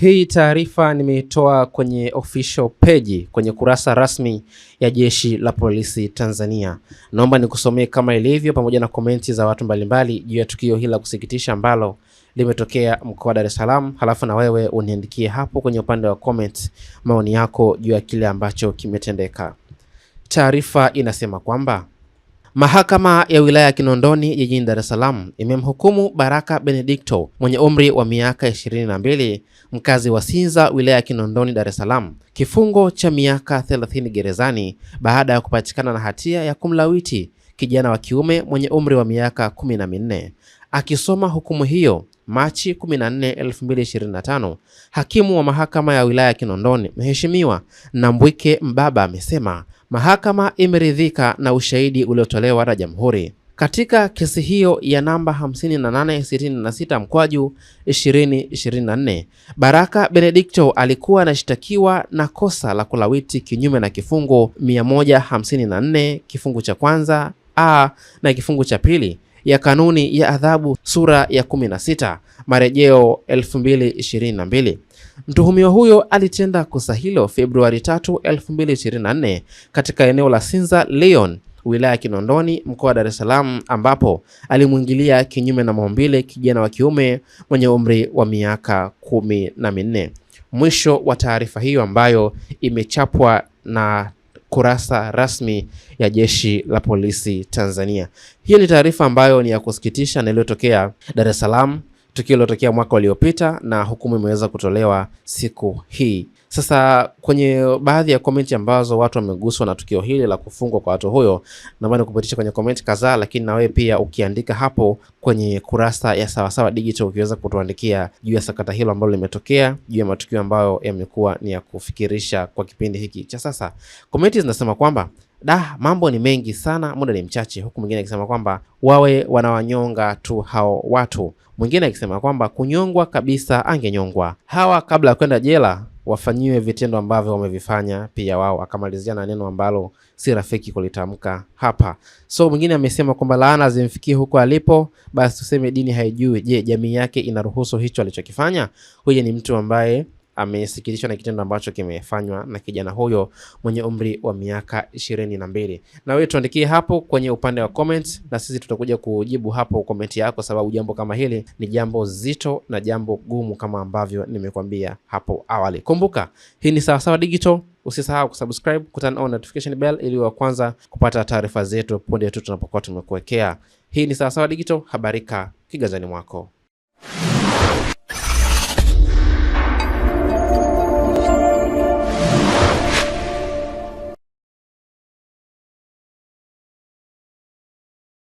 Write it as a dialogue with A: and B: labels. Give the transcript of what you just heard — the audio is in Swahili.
A: Hii taarifa nimeitoa kwenye official page kwenye kurasa rasmi ya Jeshi la Polisi Tanzania. Naomba nikusomee kama ilivyo, pamoja na komenti za watu mbalimbali juu ya tukio hili la kusikitisha ambalo limetokea mkoa wa Dar es Salaam, halafu na wewe uniandikie hapo kwenye upande wa comment maoni yako juu ya kile ambacho kimetendeka. Taarifa inasema kwamba Mahakama ya wilaya ya Kinondoni jijini Dar es Salaam imemhukumu Baraka Benedicto mwenye umri wa miaka ishirini na mbili mkazi wa Sinza wilaya ya Kinondoni Dar es Salaam kifungo cha miaka thelathini gerezani baada ya kupatikana na hatia ya kumlawiti kijana wa kiume mwenye umri wa miaka kumi na minne Akisoma hukumu hiyo Machi 14, 2025, hakimu wa mahakama ya wilaya ya Kinondoni Mheshimiwa Nambwike Mbaba amesema mahakama imeridhika na ushahidi uliotolewa na jamhuri katika kesi hiyo ya namba 5866 mkwaju 2024, Baraka Benedikto alikuwa anashtakiwa na kosa la kulawiti kinyume na kifungu 154 kifungu cha kwanza a na kifungu cha pili ya kanuni ya adhabu sura ya 16 marejeo 2022. Mtuhumiwa huyo alitenda kosa hilo Februari 3, 2024 katika eneo la Sinza Leon wilaya ya Kinondoni mkoa wa Dar es Salaam ambapo alimwingilia kinyume na maumbile kijana wa kiume mwenye umri wa miaka kumi na minne. Mwisho wa taarifa hiyo ambayo imechapwa na kurasa rasmi ya jeshi la polisi Tanzania. Hiyo ni taarifa ambayo ni ya kusikitisha na iliyotokea Dar es Salaam tukio lilotokea mwaka uliopita na hukumu imeweza kutolewa siku hii. Sasa kwenye baadhi ya komenti ambazo watu wameguswa na tukio hili la kufungwa kwa watu huyo, naomba nikupitisha kwenye komenti kadhaa, lakini na wewe pia ukiandika hapo kwenye kurasa ya Sawasawa Digital ukiweza kutuandikia juu ya sakata hilo ambalo limetokea, juu ya matukio ambayo yamekuwa ni ya kufikirisha kwa kipindi hiki cha sasa. Komenti zinasema kwamba Da, mambo ni mengi sana, muda ni mchache, huku mwingine akisema kwamba wawe wanawanyonga tu hao watu, mwingine akisema kwamba kunyongwa kabisa, angenyongwa hawa kabla ya kwenda jela wafanyiwe vitendo ambavyo wamevifanya pia wao. Akamalizia na neno ambalo si rafiki kulitamka hapa. So mwingine amesema kwamba laana zimfikie huko alipo, basi tuseme dini haijui. Je, jamii yake inaruhusu hicho alichokifanya? Huyu ni mtu ambaye amesikitishwa na kitendo ambacho kimefanywa na kijana huyo mwenye umri wa miaka ishirini na mbili. Na wewe tuandikie hapo kwenye upande wa comment, na sisi tutakuja kujibu hapo comment yako, sababu jambo kama hili ni jambo zito na jambo gumu kama ambavyo nimekwambia hapo awali. Kumbuka hii ni Sawasawa Digital. Usisahau kusubscribe, kutana on notification bell ili wa kwanza kupata taarifa zetu punde tu tunapokuwa tumekuwekea. Hii ni Sawasawa Digital, habarika kigazani mwako.